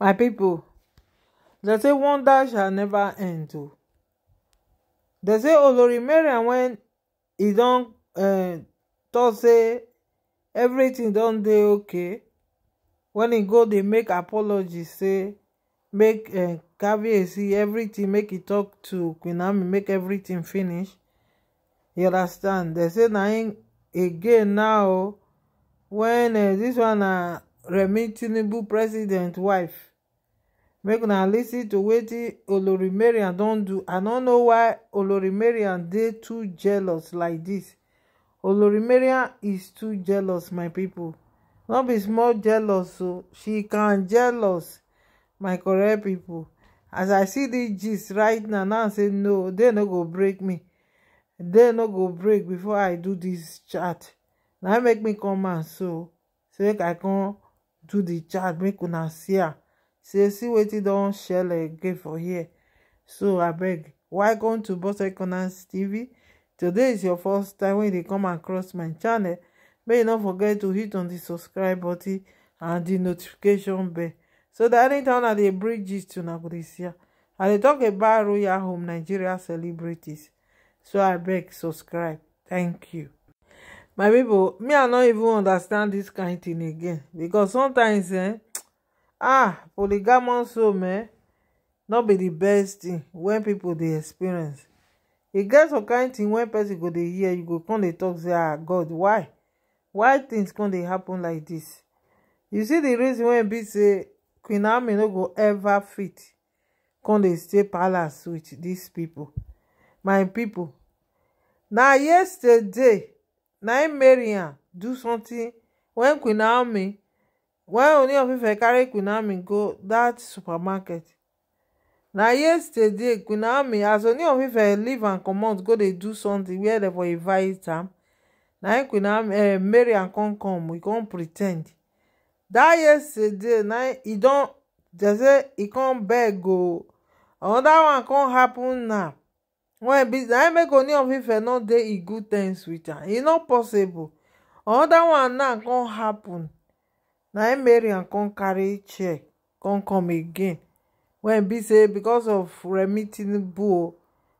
my people, dem say wonder shall never end o oh. dem say olori mariam wen e don eh, talk say everything don dey okay wen e go dey make apology say make eh, see everything make e talk to queen make everything finish you understand dem say na im again now oh. wen dis eh, one na remi tinubu president wife make una lis ten to wetin olori mariam don do i no know why olori mariam dey too jealous like dis olori mariam is too jealous my pipo no be small jealous o she can jealous my correct pipo as i see dis gist right now now say no dey no go break me dey no go break before i do dis chat na make me come out so say make i come do di chat make una see am say see wetin don shell again for here so abeg welcome to bose corners tv today is your first time when they come across my channel may you not forget to hit on the subscribe button and the notification bell so dat anytime i they bring this to nagodisia i they talk about royal home nigeria celebrities so I beg subscribe thank you my people. me i no even understand dis kain tin again because sometimes eh ah polygamous home eh no be the best thing when people dey experience e get some kind thing when person go dey hear you go come dey talk say ah god why why things come dey happen like this? you see the reason wey e be say queen Ami no go ever fit come dey stay palace with these people, my people? na yesterday na im marry am do something when queen Ami wen oni of ife carry queen go dat supermarket na yesterday queen ami as oni of ife leave am comot go dey do something wia dem for invite am na im queen ami eh, marry am come come we come pretend dat yesterday na e don dem say e come beg o another one come happen now well e be na make oni of ife no dey e good things wit am e no possible another one now come happen na im marian come carry chair come come again When be say because of remitting tinubu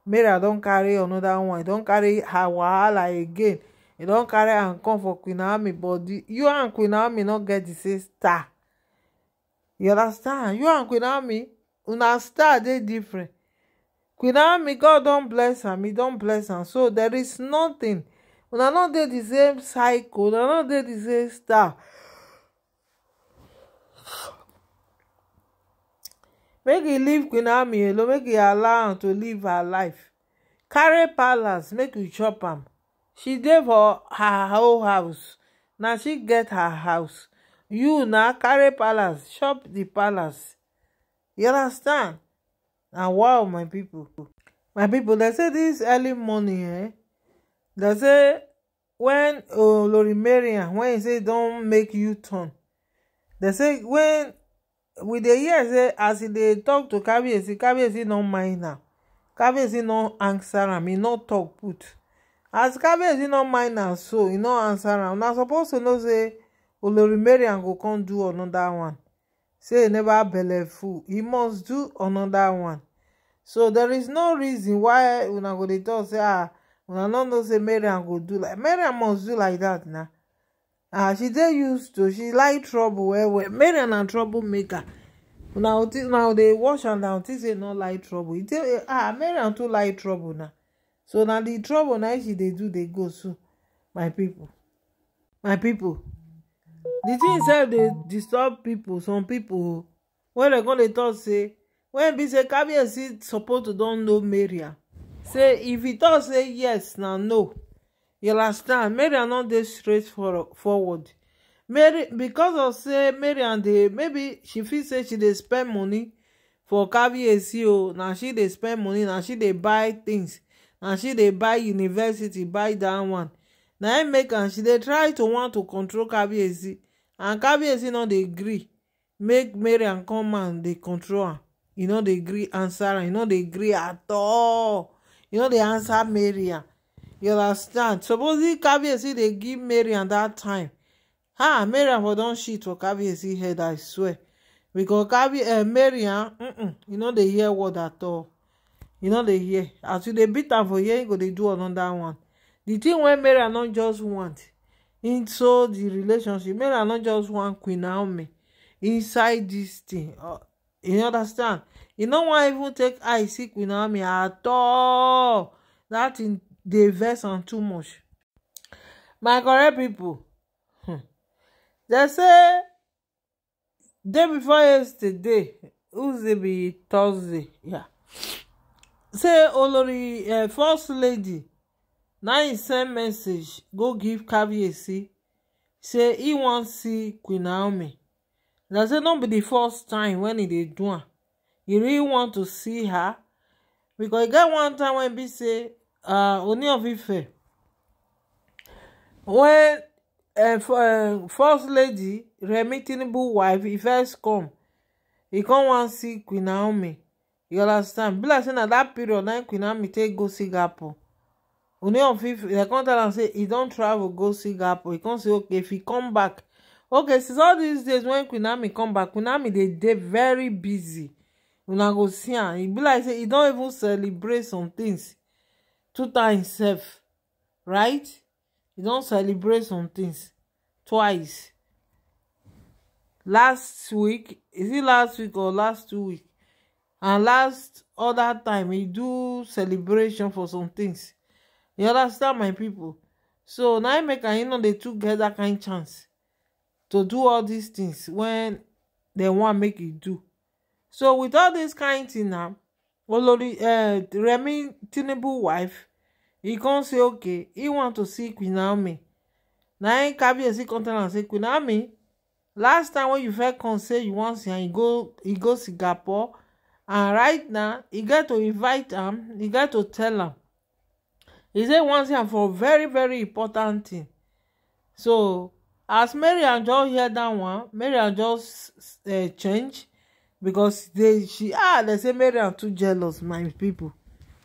marian don't carry another one e don carry her wahala again e don carry and come for queen army but you and queen army not get the same star you understand you and queen army una star dey different queen army god don't bless am e don't bless am so there is nothing una not dey the same cycle una not dey the same star make you leave queen army alone make you allow am to live her life carry palace make you chop am she dey for her whole house na she get her house you na carry palace chop the palace you understand and wow my people, my people. dem say this early morning eh dem say wen olori marian When e say don make you turn dem say wen we dey hear say as e dey tok to kabiyesi kabiyesi no mind am kabiyesi no answer am e no tok put as kabiyesi no mind am so he no answer am una suppose to know say olori mariam go come do another one say e never belle full he must do another one so there is no reason why una go dey talk say ah una no know say mariam go do like mariam must do like that na ah she dey used to she like trouble well well mary na troublemaker una now they wash and down This say no like trouble e tell ah mary am too like trouble now. so now the trouble Now she dey do dey go so my people, my people. The thing sef dey disturb people. some people. wen dem come dey talk say When be say kabiyesi suppose to don know maria ah? say if he talk say yes na no you understand marian no dey straight for forward mary because of say marian dey maybe she feel say she dey spend money for caviarcy o na she dey spend money na she dey buy things na she dey buy university buy that one na im make am she dey try to want to control caviarcy and caviarcy no dey gree make marian come and dey control am e no dey gree answer am e no dey gree at all e no dey answer marian you understand supposedly caviarcy they give Mary marian that time ah Mary for don't shit for caviarcy head i swear because Kabi eh, marian mm you know they hear word at all you know they hear as you dey beat am for here you go dey do another one The thing wey Mary not just want into the relationship Mary not just want queen naomi inside dis tin uh, you understand e no wan even take eye see queen naomi at all That in dey vex am too much my correct pipo hmm dem say day before yesterday tuesday be thursday yeah say olori eh, first lady na im send message go give caviarcy say e wan see queen naomi na say no be the first time when e dey do am e really want to see her because e get one time wen e be say Ah, oni of ife wen eh, eh, first lady remit ten wife wifey first come e come wan see queen naomi you understand be like say na dat period naim queen naomi take go singapore oni of ife dem come tell am say e don travel go singapore e come say okay if e come back okay since all these days wen queen naomi come back queen naomi dey dey very busy una go see am e be like say e don even celebrate some things. two times sef right you don celebrate some things twice last week is it last week or last two week and last other time he do celebration for some things you understand my people so now im make i know, they took get that kind chance to do all these things when they want make you do so with all this kind thing now olori uh, remi tinubu wife e come say okay e want to see queen naomi na im kabiyesi come tell am say queen naomi last time when you first come say you wan see am e go e go singapore and right now e get to invite am e get to tell am e say one thing for very very important thing so as mary and John hear that one mary and John uh, eh, change because they she ah they say Mary mariam too jealous my people.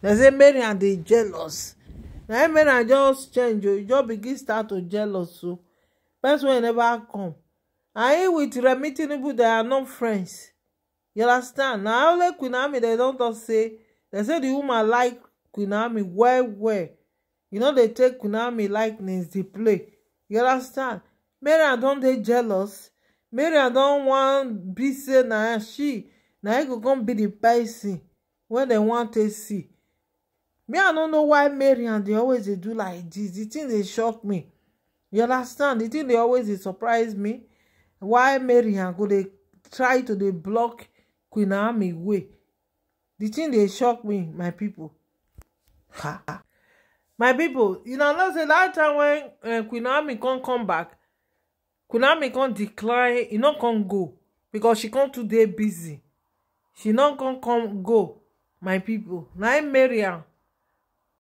They say Mary mariam they jealous Now, eh, Mary mariam just change oh, You just begin start to jealous o person wey never come and him eh, with remi people they are not friends you understand Now, only queen ami dem don talk say They say the woman like queen ami well well you know they take queen ami likeness dey play you understand Mary mariam don't they jealous maria don wan be say na she na I go come be the person when they want to see me i don't know why Mary and they always they do like this. The thing they shock me you understand The thing they always they surprise me why Mary and go they try to they block queen naomi way The thing they shock me my people. ha my people, you know know say dat time wen eh, queen naomi come come back kunami come decline He not come go because she come today busy she not come come go my people. Now im marry